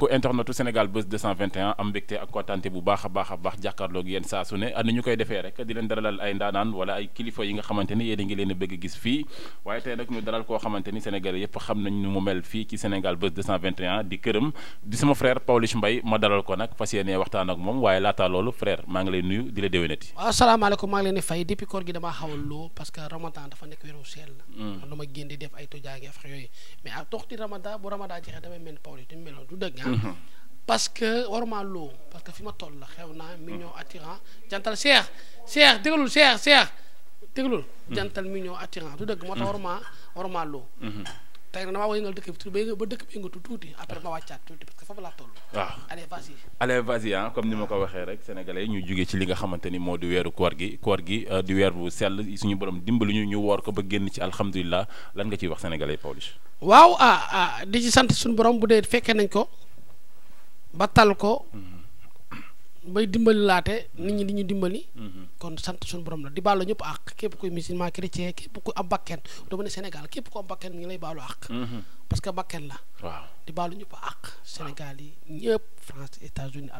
mbokku internetu Sénégal Buzz am mbégte ak kontante bu baax a baax a baax jàkkaarloog yéen saa su ne ah, ni ñu koy defee rek di leen daralal ay ndaanaan wala ay kilifa yi nga xamante ni ngi leen bëgg gis fii waaye tey nag ñu daral koo xamante ni Sénégalais xam nañ nu mu mel fii ci Sénégal Buzz di këram di sama frère Pawlish Mbaye ma dalal ko nag fas yéenee waxtaan ak moom waaye laataa loolu frère maa ngi lay nuyu di la déwénati waaw asalaamaaleykum maa dëgg ah mhm. parce que waruma loo parce que fi ma toll la xew naa mi million attirant jantal seex seex déglul seex seex déglul mhm. jantal million attirant du dëgg moo tax mhm. waruma waruma loo tey nag damaa war a yëngal dëkk bi ba dëkk bi yëngatu tuuti après ma wàccaat tuuti parce que foofu laa toll. waaw allez vas ah comme ni ma ko waxee rek sénégalais ñu jógee ci li nga xamante ni moo di weeru koor gi koor gi euh, di weer bu sell suñu borom dimbali ñu ñu woor ko ba génn ci alhamdulilah lan nga ciy wax sénégalais Pawlish. waaw ah ah di ci sant suñu borom bu dee fekkee nañ ko ba tal ko. Mm-hmm. bay dimbali laate nit ñi di ñu dimbali. Mm-hmm. kon sant suñu borom la di baalu ñëpp àq képp kuy musulman chrétien képp ku am bakken dama ne Sénégal képp ku am bakken mi lay baalu àq mhm. parce bakken la baalu ñëpp àq Sénégal a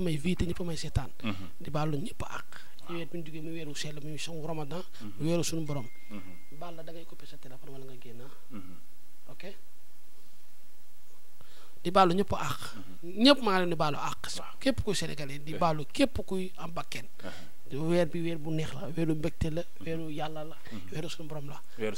may vie te ñëpp a may seetaan mhm. di baalu ñëpp àq mu weeru mhm. suñu borom baal la da ngay sa téléphone wala nga génn ah. di baalu ñëpp àq mm-hmm. ñëpp maa leen di baalu àq képp kuy sénégalais di eh. baalu képp kuy am bakken eh. weer bi weer bu neex la weeru mbégte la weeru yàlla la. Mhm. weeru suñu borom la. weeru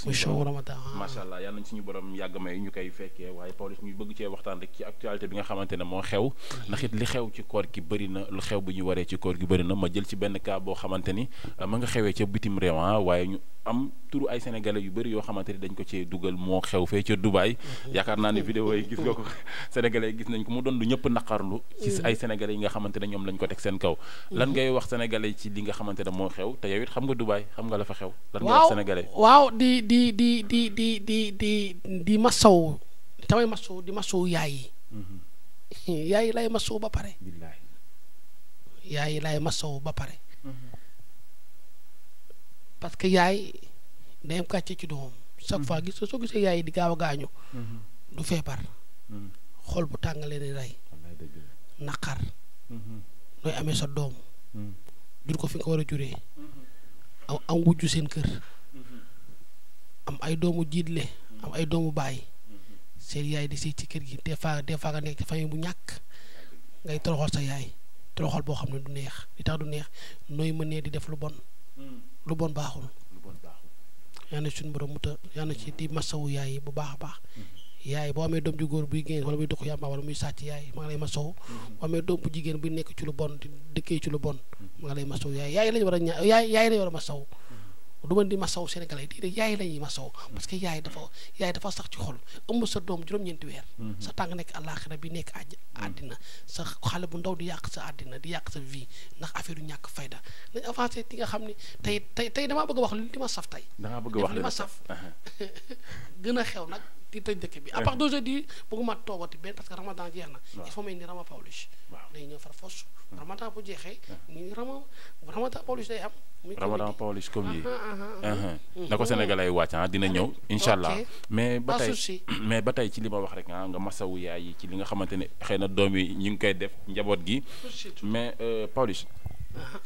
allah yal suñu borom yàgg may ñu koy fekkee waaye Pawlish ñu bëgg cee waxtaan rek ci actualité bi nga xamante moo xew. Mhm. ndax it li xew ci koor ki bëri na lu xew bi ñu waree ci koor gi bëri na ma jël ci benn cas boo xamante ni euh, ma nga xewee ca bitim réew ah, waaye ñu am turu ay sénégalais yu bari yoo xamante ni dañ ko cee dugal moo xew fee ca Dubaay mhm. yaakaar naa ne vidéo yi gis nga ko sénégalais yi gis nañ ko mu doon lu ñëpp naqarlu ci ay sénégalais yi nga ne ñoom lañ ko teg seen kaw nga xamante ne moo xew te yow it xam nga Dubaay xam nga la fa xew. lan nga wax sénégalais waaw di di di di di di di di masaw tamay masaw di masaw yaay yi. Mm-hmm. yaay yi lay masaw ba pare. yaay yi masaw ba pare. Mm-hmm. parce que yaay day am kàcce ci doomam. chaque mm-hmm. fois gis soo gisee yaay di gaaw gaañu. du feebar. xol bu tàngalee di rey. naqar. nooy amee sa doom. jur ko fi nga war a juree am am wujju seen kër am ay doomu jiitle am ay doomu baay seen yaay di sëy ci kër gi des fois des fois nga nekk ci bu ñàkk ngay toroxal sa yaay toroxal boo xam ne du neex di tax du neex nooy mënee di def lu bon lu bon baaxul yàlla na suñu borom muta yàlla na ci di masawu yaay bu baax a baax yaay boo amee doom ju góor buy génn wala muy dox yàmba wala muy sàcc yaay ma nga lay masow mm-hmm. boo amee doom bu jigéen bu nekk ci lu bon di dëkkee ci lu bon ma nga lay masow yaay yaay lañu war a ña yaay yaay lañu war a masow mm-hmm. du ma di masow sénégalais di yaay lañuy masow parce que yaay dafa yaay dafa sax ci xol ëmb sa doom juróom-ñeenti weer mm-hmm. sa tàng nekk àllaaxira bi nekk àj àddina sa xale bu ndaw di yàq sa àddina di yàq sa vie ndax affaire yu ñàkk fayda nañ avancé ci nga xam ne tey tey tey damaa bëgg a wax li ma saf tey li ma saf uh-huh. gën a xew nag di tëj dëkk bi à part d'aujourd'hui bëgguma toogati benn parce que ramadan jeex na il faut may ni rama Pawlish day ñëw far fos ramadan bu comme yi ah, ah, ah, uh-huh. mm. na ko sénégalais wàcc ah dina ñëw incha allah mais ba tey mais ba tey ci li ma wax rek ah nga masawu yaay yi ci li nga xamante ne xëy na doom yi ñu ngi koy def njaboot gi mais euh, Pawlish uh-huh.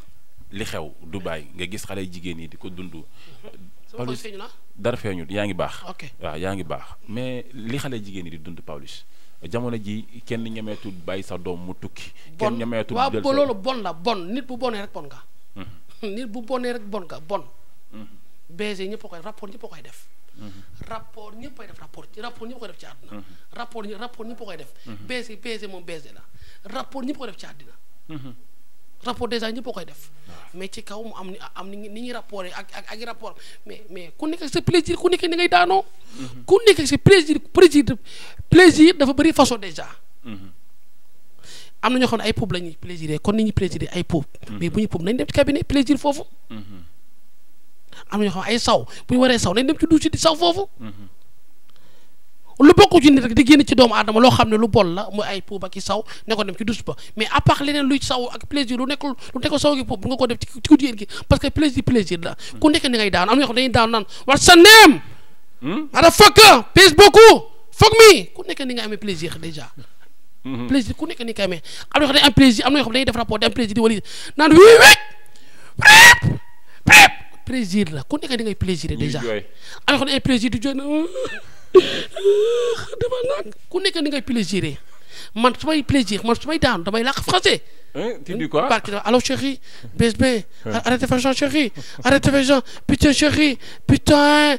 li xew Dubaï nga gis xale jigéen yi di ko dund uh-huh. dara feeñul yaa ngi baax. waaw yaa ngi baax mais li xale jigéen ñi di dund Pawlish jamono ji kenn ñemeetul bàyyi sa doom mu tukki. kenn ñemeetul jël sa waaw loolu bon la bon nit bu bonee rek bon nga. Mhm. nit bu bonee rek bon nga bon. Mhm. BG ñëpp a koy rapport ñëpp a koy def. Mhm. rapport ñëpp koy def rapport rapport ñëpp koy def ci àddina. rapport rapport ñëpp koy def. BG BG moom BG la rapport ñëpp koy def ci àddina. rapport déjà ñëpp a koy def. mais ci kaw mu am am ni ñuy rapporté ak ak ak rapport mais mais ku nekk sa plaisir ku nekk ni ngay daanoo. Mm-hmm. ku nekk sa plaisir dafa bëri façon déjà. Mm-hmm. am na ñoo xam ne ay pub la ñuy plaisir kon ni ñuy plaisir ay pub. Mm-hmm. mais bu ñu pub nañ dem ci cabinet plaisir foofu. am na ñoo xam ay saw bu ñu waree saw nañ dem ci douche di saw foofu. lu bokku ci nit rek di génn ci doomu aadama loo ki saw ne ko dem ci mais à part leneen luy saw plaisir lu nekkul lu nekkul saw gi puub bu ko def ci ku jigéen gi parce que plaisir plaisir la ku nekk ni ngay daan am na ñoo xam dañuy daan naan war sa neem ada fakk pèse beaucoup foog mi ku nekk ni nga amee plaisir déjà hmm. plaisir ku nekk ni nga amee am na ñoo xam dañuy am plaisir am na ñoo xam dañuy def rapport di am plaisir di wali naan wii wii prép prép plaisir la ku nekk ni ngay plaisir déjà am na ñoo xam ne ay plaisir dama nag ku nekk ni ngay plaisir man su may plaisir man su may daanu damay làkk français. tu dis quoi parce que allo chérie BSB. arrêtez faire ça chérie arrêtez faire ça putain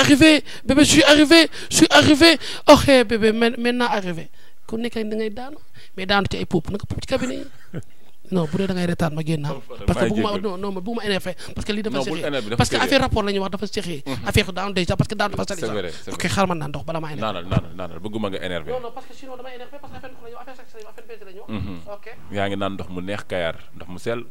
arrivé bébé je arrivé je suis arrivé ok oh, bébé maintenant arrivé ku nekk da ngay daanu mais daanu ci ay poop na nga ci cabinet non bu dee da ngay retaan ma génn parce que bu ma non non bu ma énervé parce que lii dafa séxee parce que affaire rapport la ñuy wax dafa séxee mm-hmm. affaire daan déjà parce que daan dafa sali sax ok xaaral ma naan ndox bala ma énervé naanal naanal naanal bëgguma nga énervé non non parce que sinon dama énervé parce que affaire ndox la ñu affaire sexe la ñu affaire bés la ñu mm-hmm. ok yaa ngi naan ndox mu neex kayaar ndox mu sell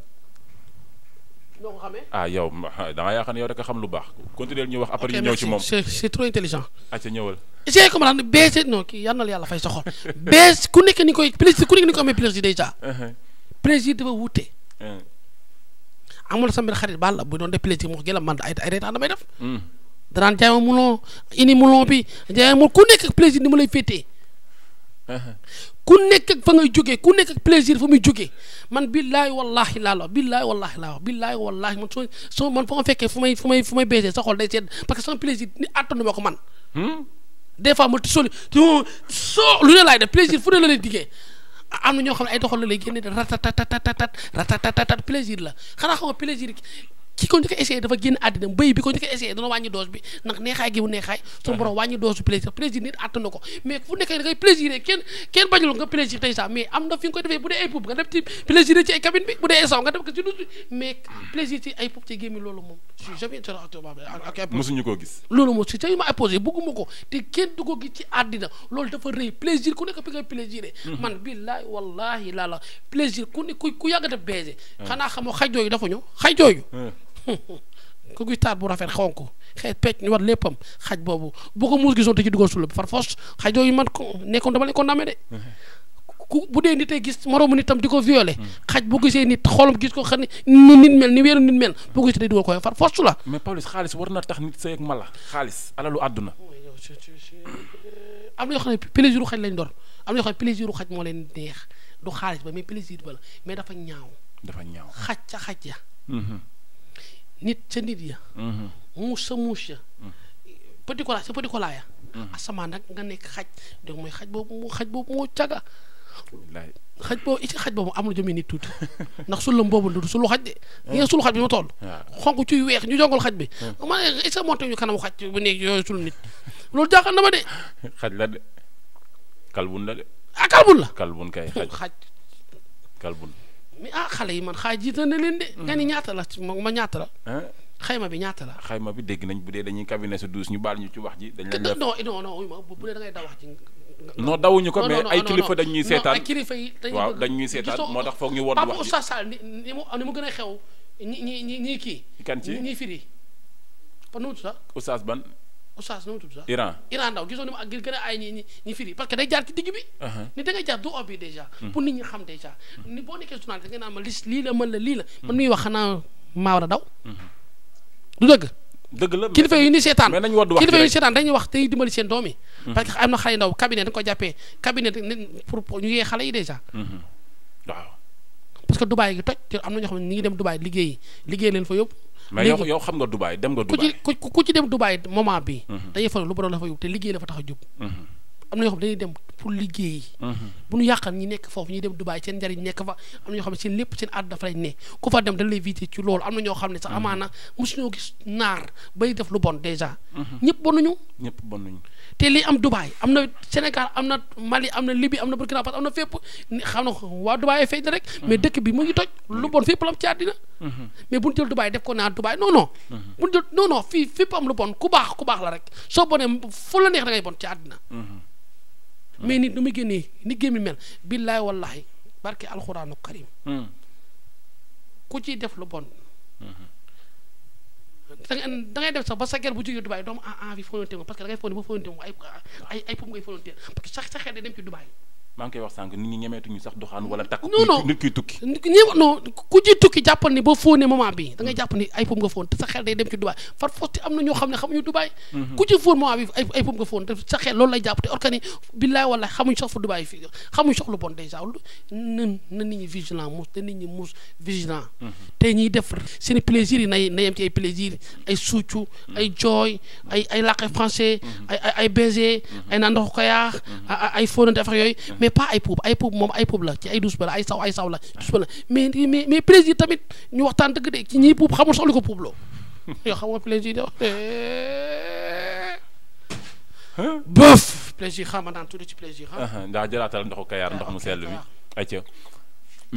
noo ko xamee ah yow ah, da nga yaakaar ne yow rek a xam lu baax continuer ñu wax après ñu ñëw ci moom c'est trop intelligent acca ñëwal j'ai comme daan bees non kii yal na la yàlla fay sa xol bees ku nekk ni koy plaisir ku nekk ni ko amee plaisir déjà uh-huh. plaisir dafa wuute. Eh. amul sa mbir xarit baal la bu doon def plaisir mu jëla man ay ay reetaan damay def. Hmm. danaan jaay ma mulon ini mulon bi jaay ma ku nekk ak plaisir ni mu lay féetee. Eh. ku nekk ak fa ngay jógee ku nekk ak plaisir fa muy jógee man billaay wallaahi laa la wax billaay wallaahi laa wax billaay wallaahi man soo soo fekkee fu may fu may fu may baisee sa xol day sedd parce que sama plaisir ni attanu ma ko man. Hmm? des fois ma soli lu ne laay def plaisir fu ne la lay am na ñoo xam ne ay doxal la lay génne de ratatatat ratatatat plaisir la xanaa xam nga plaisir ki ko njëkk a dafa génn àddina mbéy bi ko njëkk a dana wàññi dose bi ndax neexaay gi mu neexaay suñu ah. borom wàññi dose plaisir plaisir nit àtt na ko mais fu nekkee da ngay plaisir kenn kenn bañul nga plaisir bu dee ay pub nga def ci plaisir ci ay cabine bi bu dee ay saw nga def ko ci douche bi mais plaisir ci ay pub ci koo gis hmm. man billaahi wallaahi laa la plaisir ku ne ku ku def baiser ah. xanaa xamoo xaj jooyu dafa ñu xaj jooyu ah. ku guy taat bu rafet xonk xëy pecc ñu war léppam xaj boobu boo ko muus gisoon te ci dugal suula far force xaj yooyu man nekkoon dama leen condamné de ku bu dee nit ay gis moroomu nitam di ko violé xaj bu gisee nit xolam gis ko xam ni nit mel ni weeru nit mel bu ko gisee day dugal ko far force la mais Pawlish xaalis war na tax nit sëy ak mala xaalis alalu àdduna am na yoo xam ne plaisir u xaj lañ door am na yoo xam ne plaisir u xaj moo leen neex du ba mais ba la mais dafa ñaaw dafa ñaaw xaj ca xaj ya mhm. nit ca nit ya mhm. muus sa muus ya mhm. petit cola sa petit cola ya mhm. asamaan nag nga nekk xaj donc mooy xaj boobu moo xaj boobu moo caga xaj boobu it xaj boobu amul jëmee nit tuuti ndax sulam boobu du sulu xaj de ah. ngeen sulu xaj bi ma toll ah. xonk ciy weex ñu jongal xaj bi ah. man est ce que monté ñu kanamu xaj bu nekk yooyu sulu nit loolu jaaxal na ma de xaj la de kalbun la de ah kalbun la kalbun kay xaj kalbun mi ah xale yi man xaay jiita na leen de. Mm. nga ni ñaata la moom ma ñaata la. xayma bi ñaata la. xayma bi dégg nañ bu dee dañuy cabinet sa douze ñu baal ñu ci wax ji. dañ la non non non daw wax ji. non dawuñu ko mais ay kilifa dañ ñuy seetaan kilifa waaw dañ ñuy seetaan moo tax foog ñu won wax ji Papa Sall ni ni mu gën a xew ñi ñi ñi kii. kan ci ñi firi. kon nu mu tudd Oustaz ban. oustaz nu mu tudd sax Iran Iran ndaw gisoo ni mu ak gën a aay ñi ñi ñi firi parce que day jaar ci digg bi ni da ngay jaar du obbi déjà mhm. pour nit ñi xam déjà mhm. ni boo da nga naan ma lis lii la mën la lii la mhm. man muy wax xanaa maa war a daw du dëgg ni seetaan yu ni seetaan dañuy wax dañuy seen doom parce que am na xale yu ndaw cabinet dañu ko cabinet pour ñu yee xale yi déjà parce que Dubaay gi toj te am na ñoo xam ne ñi ngi dem Dubaay liggéey liggéey leen fa yóbbu mais yow yow xam nga Dubaay dem nga. Dubaay ku ci dem Dubaay moment bi dañuy mhm. faral lu borom la fa yóbbu te liggéey la fa tax a jub. Mhm. am na ñoo xam dem pour liggéey. Mhm. bu ñu yàqal ñi nekk foofu ñuy dem Dubaay seen njariñ nekk fa am na ñoo xam ne seen lépp seen àdd dafa lay ne ku fa dem dañ lay vité ci loolu am na ñoo xam ne sax amaana mosuñoo gis naar bay def lu bon déjà. ñëpp bonuñu. ñëpp bonuñu. te lii am Dubaay am na Sénégal am na Mali am na Libye am na Burkina Faso am na fépp xam na waa Dubaay feeñ na rek. mais dëkk bi mu ngi toj. lu bon fépp la am ci àddina. mais bu ñu jël Dubaay def ko naa Dubaay non non. bu ñu jël non non fii fépp lu bon ku baax ku baax la rek soo bonee fu la neex da ngay bon ci àddina. mais nit nu muy génnee ni gémmi mel billaay wallahi barke alxuraanu karim ku ciy def lu bon. da dem sax ba sa ger bu jógee Dubaay doomu envie volonté parce que da ngay foog ne ba volonté ay ay ay pop ngay volonté parce que sa sa xel day dem ci Dubaay maa ngi koy wax sànq nit ñi ñemeetuñu sax doxaan mm. wala takk. non non nit kuy tukki. ñi non ku ciy tukki jàppal ni ba fóonee moment bi da ngay jàpp ni ay pom nga fóon te sa xel day dem ci Dubaay far fosti am na ñoo xam ne xamuñu Dubaay. Mm-hmm. ku ci fóon moment bi ay ay pom nga fóon te sa xel loolu lay jàpp te organi billaay wallaay xamuñ sax fu Dubaay fii xamuñ sax lu bon dèjà nan na nit ñi vigilant mus te nit ñi mus vigilant. Mm-hmm. te ñiy def seen plaisir yi nay na yem ci ay plaisir mm-hmm. ay suucu ay jooy ay ay làqe français ay ay ay baiser ay naan ndox ko yaax ay fóonante affaire yooyu mais pas ay puub ay puub moom ay puub la ci ay dus ba ay saw ay saw la dus ba mais mais mais plaisir tamit ñu waxtaan dëgg de ci ñiy puub xamul sax li ko puubloo yoo xam nga plaisir de bëf plaisir xama naan tudd a ndaa jëlaatal ndoxu kayaar ndox mu sell mi acca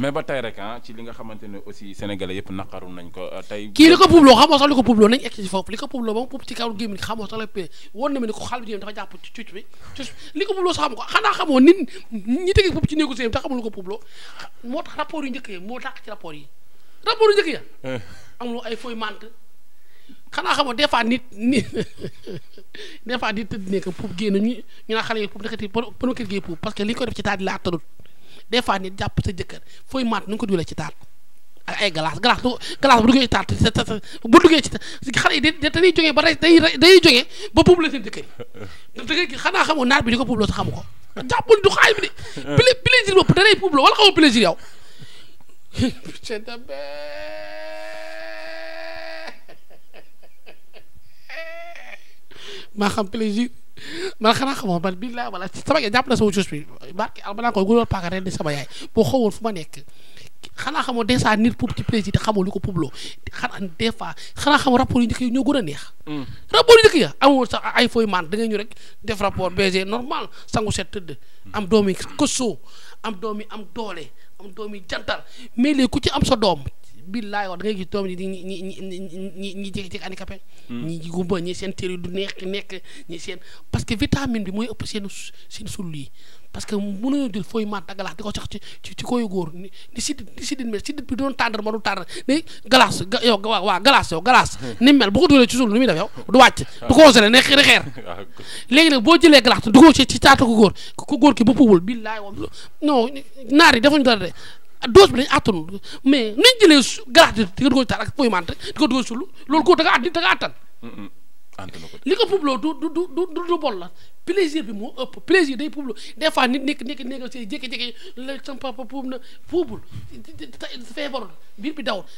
mais ba tey rek ah ci li nga xamante ne aussi sénégalais yëpp naqaru nañ ko ah, tey. kii li ko puubloo xamoo sax li ko puubloo nañ egg ci foofu li ko puubloo ba puub ci xamoo sax la pee woon na ma ne ko xaal bi xamoo nit ñi tegi puub ci néegu sëyam te xamul li ko puubloo moo tax rapport yu njëkk ya moo tax ci rapport yi rapport yu njëkk ya eh. amul ay fooy mante xanaa xamoo des nit nit des fois nit tëdd nekk puub génn ñu ñu naa xale yi puub nekkati pour pour kër gi puub parce que li ko def ci taat des fois nit jàpp sa jëkkër fooy maat nu nga ko dugalee ci taat ak ay glace glace du glace bu duggee ci taat bu duggee ci xale yi da dañuy jógee ba day day jógee ba publier seen jëkkër yi da ngay xanaa naar bi di ko publier sa xamu ko jàppul du xaay bi de pl plaisir bopp da lay publier wala xamoo plaisir yow man xanaa xamoo man bii laa sama jàpp na sama jus bi barke almanaa koy gunóor paaka ren di sama yaay boo xawoon fu ma nekk xanaa xamoo des fois nit pub ci président xamoo lu ko publoo xanaa des fois xanaa xamoo rapport yu njëkk yi ñoo gën a neex. Mm. rapport yu njëkk ya amul sax ay fooy maan da ngay ñu rek def rapport BG normal sangu set tëdd. am doom yi kësoo am doom yi am doole am doom yi jantar mais ku ci am sa doom billaay wax da ngay gis doom yi di ñi ñi ñi ñi jékki-jékki handicapé. Hmm. ñi gumba ñi seen du nekk nekk seen parce que bi mooy ëpp seen seen sull yi parce que mënuñu jël fooy maat galaas di ko sax ci ci koy góor ni sidit ni sidit mel sidit bi doon tàndar ma du tàndar ni galaas yow waa hmm. ni mel bu ko dugalee ci suul lu muy du wàcc du ko osele ne xeer léegi nag boo jëlee galaas du ko ci ci caata ko góor ko góor ki ba puubul billaay woon non naar yi defuñu dose bi lañ àttan mais nañ jëlee su galaxte di ko dugal taal ak poymante di sulu loolu koo da nga àddi da nga li ko publoo du du du bol la plaisir bi moo ëpp plaisir day publoo des fois nit nekk nekk négocier jékki-jékki la sama papa puub na puubul feebarul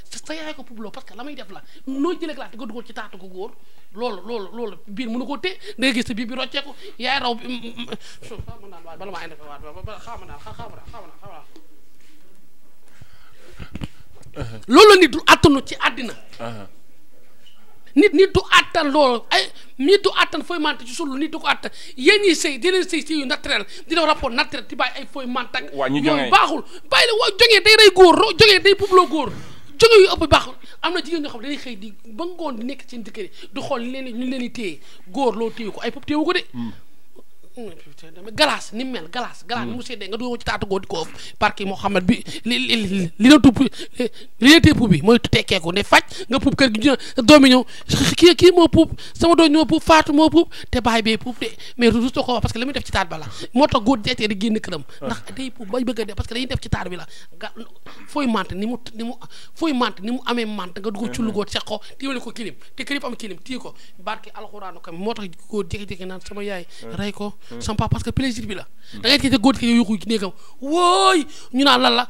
sa yaay ko publoo parce que la may def la noo jëlee glace di ko dugal ci taatu ko góor loolu loolu biir mënu ko téye da nga gis te biir bi roccee yaay raw bi mën mm, mm, mm, naan waay bala maa indi fa waat xaama naa xaama naa loolu nit du attanu ci àddina nit nit du attan loolu ay nit du attan fooy mante ci suul nit du ko attan yéen ñiy sëy di leen sëy si yu naturel di def rapport naturel di bàyyi ay fooy mante ak yooyu baaxul bàyyi la waa jógee day rey góor jógee day publoo góor jóge yu ëpp baaxul am na jigéen ñoo xam ne xëy di ba ngoon di nekk ci ndikk di xool li leen ñu leen di téye góor loo téye ko ay pop téewu ko de hmm. galaas ni mu mel galaas. galaas ni mu seddee nga dugg ci taatu góor di ko ëpp. barki bi li li li la puub bi mooy tekkeeku ne faj nga puub kër gi ñu doomi ñëw kii moo puub sama doom ñoo puub faatu moo puub te bàyyi bee puub de mais rus ko wax parce que li def ci taat ba la moo tax góor di ndax day puub def ci taat bi la ga fooy mante ni mu mu fooy mant ni mu amee mant nga dugg ci lu góor ko téewale ko kilim te kilim am ko barki alxuraanu kam moo tax góor jékki-jékki naan sama yaay hmm. rey ko champa parce que plaisir bi la da ngay gis góor ki yow yuxu ci néegam wooy ñu naan lan la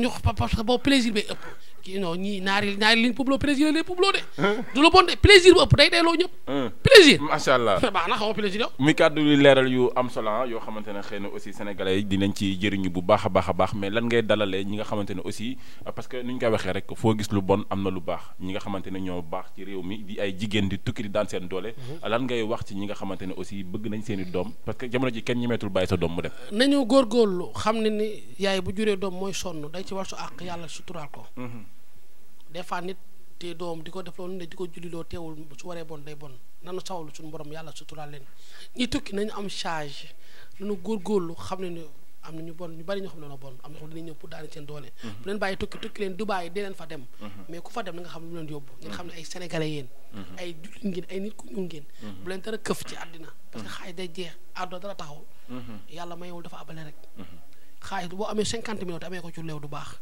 ñu parce que boobu plaisir bi kii non ñii naari naari liñ publoo plaisir lay publoo de. du la bon de plaisir bu ëpp day delloo ñëpp. plaisir macha allah baax na xaw ma plaisir yow. muy kàddu leeral yu am solo ah, yoo xamante ne xëy na aussi sénégalais yi dinañ ci jëriñu bu baax a baax a baax mais lan ngay dalalee ñi nga xamante ne aussi parce que ni ñu koy waxee rek foo gis lu bon am na lu baax ñi nga xamante ne ñoo baax ci réew mi di ay jigéen di tukki di daan seen doole. Mhm. lan ngay wax ci ñi nga xamante ne aussi bëgg nañ seen doom parce que jamono ji kenn ñemeetul bàyyi sa doom mu dem. nañu góorgóorlu xam ne ni yaay bu juree doom mooy sonn day ci war su àq yàlla des fois nit te doom di ko def loolu ne di ko julliloo teewul su waree bon day bon nanu sawlu suñu borom yàlla suturaal leen ñi tukki nañu am charge nañu góorgóorlu xam ne am na ñu bon ñu bari ñoo xam ne dañoo bon am na xam dinañ ñëw pour daani seen doole bu mhm. leen bàyyi tukki tukki leen Dubaay dee leen fa dem mhm. mais ku fa dem na nga xam ne lu leen yóbbu ngeen xam ne ay sénégalais yéen mhm. ay jullit ngeen ay nit ku ñuul ngeen bu leen dara këf ci àddina parce que xaalis day jeex àdduna dara taxaw yàlla mayewul dafa abale rek xaalis boo amee cinquante millions amee ko ci leew du baax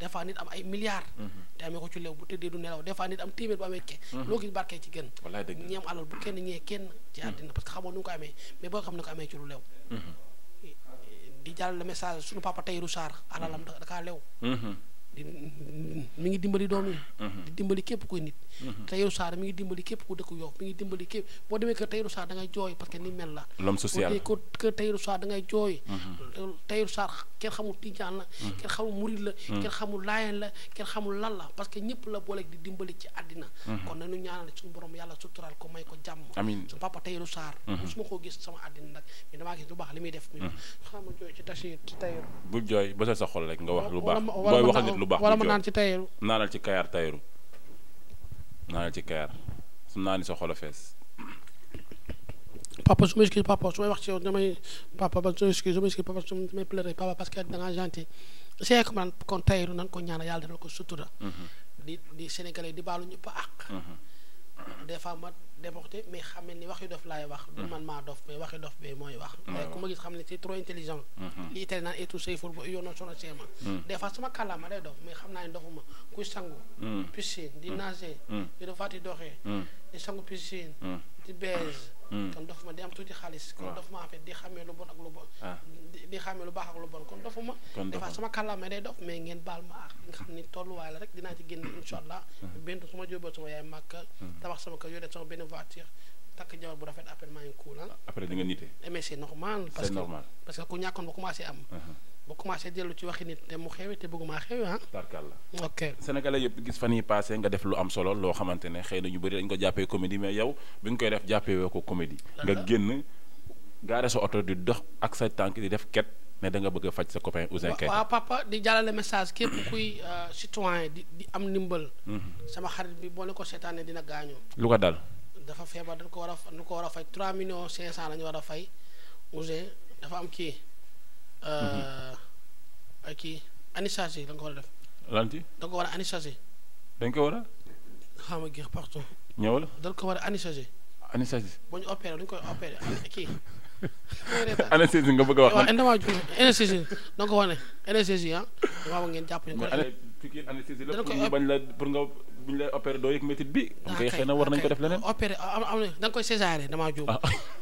des fois nit am ay milliards. Mm-hmm. te amee ko ci lew bu tëddee du nelaw des fois nit am téeméer bu amee ke mm-hmm. loo gis barkee ci gën ñeem alal bu kenn ñee kenn ci mm-hmm. àddina parce que xamoon nu nga ko amee mais boo xam ne ko amee ci lu lew eh, eh, di jàllale message suñu papa Tahirou Sarr alalam dakaa lew di mi ngi dimbali doom yi. Mhm. di dimbali képp kuy nit. Mhm. Tahirou Sarr mi ngi dimbali képp ko dëkk Yoff mi ngi dimbali képp boo demee kër Tahirou Sarr da ngay jooy parce que ni la. l'homme social boo demee kër mhm. kenn xamul Tijaan la. kenn xamul Murid la. kenn xamul Laayeen la kenn xamul lan la parce que ñëpp la booleeg di dimbali ci àddina. kon nañu ñaanal suñu borom yàlla suturaal ko may ko jàmm. amiin su papa Tahirou Sarr. musuma koo gis sama àddina nag mais damaa gis lu baax li muy def. xam nga jooy ci tasi Tahirou. bu jooy lu baax. wala mu naan ci tayeeru naanal ci kayaar tayeeru naanal ci kayaar su naani sa xol a papa su ma excuse papa su may wax ci yow damay papa ba su ma may pleurer papa parce que da ngaa gentil c'est comme kon tayeeru nan ko ñaanal yàlla defal ko sutura. Mm-hmm. di di di baalu ñëpp a àq. Mm-hmm. des fois ma déporté a xam ne ni wax dof laay wax du mm. man maa dof mais wax dof bi mooy wax mm. euh, ku ma gis xam ne c'est trop intelligent mm-hmm. li itali naan etu say four yoon noonu sono seema mm. des fois sama kàllaama day dof mais xam naa ne dofuma kuy sangu piscine di nager di dafaati doxee di sangu piscine di bees Mm. kon dof ma di am tuuti xaalis kon dof ma en fait di xamee lu bon ak lu bon ah. di xamee lu baax ak lu bon kon dofu ma des fois sama kàllaama day dof mais ngeen baal ma ak nga xam ni tolluwaay la rek dinaa ci génn incha allah mm. benn su ma jóoboo sama yaay màkk mm. tabax sama kër yore sama benn voiture takk jabar bu rafet après maa ngi kuul ah. après di nga nite eh, mais normal parce que parce que ku ñàkkoon ba commencé am uh-huh. bu commencé dellu ci waxi nit te mu xewi te bëgguma xewi ah. ok sénégalais yëpp gis fan yi passé nga def lu am solo loo xamante ne xëy na ñu bëri dañ ko jàppee comédie mais yow bi nga koy def jàppee woo ko comédie. nga génn gaare sa oto di dox ak sa tànk di def ket ne danga nga bëgg a faj sa copain Ouzin Keita. waaw papa di jàllale message képp kuy euh, citoyen di di am ndimbal. Mhm. sama xarit bi boo ne ko seetaanee dina gaañoo. lu ko dal. dafa feebar dañ ko war a dañ a fay 3 millions 500 la ñu a fay Ouzin kii anisage da nga ko war a def. lanti da ko war a anisage. dañ ko war a. xaama géex partout. ñëwal dañ ko war a anisage. anisage. bu ñu opéré dañ koy opéré kii. anesthésie nga bëgg ga wax. waaw damaa ju anesthésie da nga ko war a ne anesthésie ah damaa ngeen jàpp ñu. mais anesthésie la pour ñu la pour nga. bu ñu lay opéré doo yëg métit bi. xam ah, nga xëy na war nañ ko def leneen. opéré am ah, ah, am da nga koy césaré damaa juum.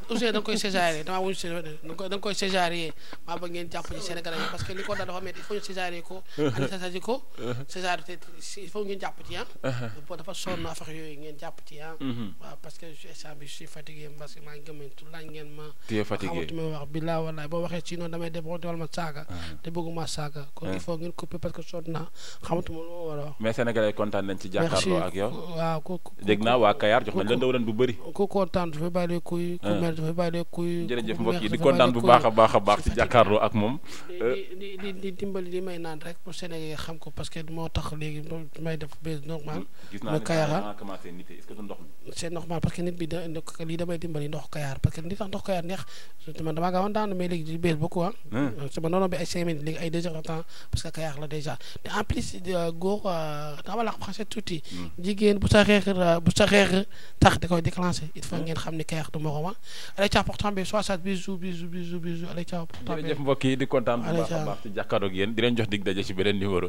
Ousseyn da nga koy césaré damaa wuñu césaré da nga koy césaré maa bëgg ngeen jàpp ci Sénégal yi parce que li ko daal dafa métti il faut ñu césaré ko. Uh-huh. anesthésier ko. Uh-huh. césaré te il faut ngeen jàpp ci ah. Uh-huh. dafa sonn affaire yooyu ngeen jàpp ci ah. waaw parce que instant bi je suis fatigué parce que maa ngi gëm tu laaj ngeen ma. tu es fatigué xamatuma wax bilaa wallaay boo waxee ci noonu damay def wala ma saaga. te bëgguma saaga. kon il faut ngeen couper parce que sonn naa xamatuma lu ma war a wax. mais Sénégalais kontaan nañ ci jàpp jàkkaarloo ak yow waaw ku dégg naa waa Kayar jox nañ la ndawlan bu bëri ku kontaan dafay bàyyi kuy ku ah. mer dafay bàyyi kuy jërëjëf mbokk yi di kontaan bu baax a baax a baax ci jàkkaarloo ak moom di di di dimbali li may naan rek pour Sénégal xam ko parce que moo tax léegi may def bés normal ma Kayar c'est normal parce que nit bi da lii damay dimbali ndox Kayar parce que nit tax ndox Kayar neex man damaa gaawoon daan mais léegi di bés beaucoup ah sama ah. noonu bi ay cinq minutes léegi ay deux heures de temps parce que Kayar la déjà te en plus euh, góor dama la xam tuuti aussi mm. jigéen bu sa xeex euh, bu sa tax da koy déclenché il faut mm. ngeen xam ni kayax du moroomam alay ca portant bi soit sat bisu bisu bisu bisu alay ca portant bi jërëjëf mbokk yi di kontaan bu baax a baax ci jàkkaaroog di leen jox dig daje ci beneen numéro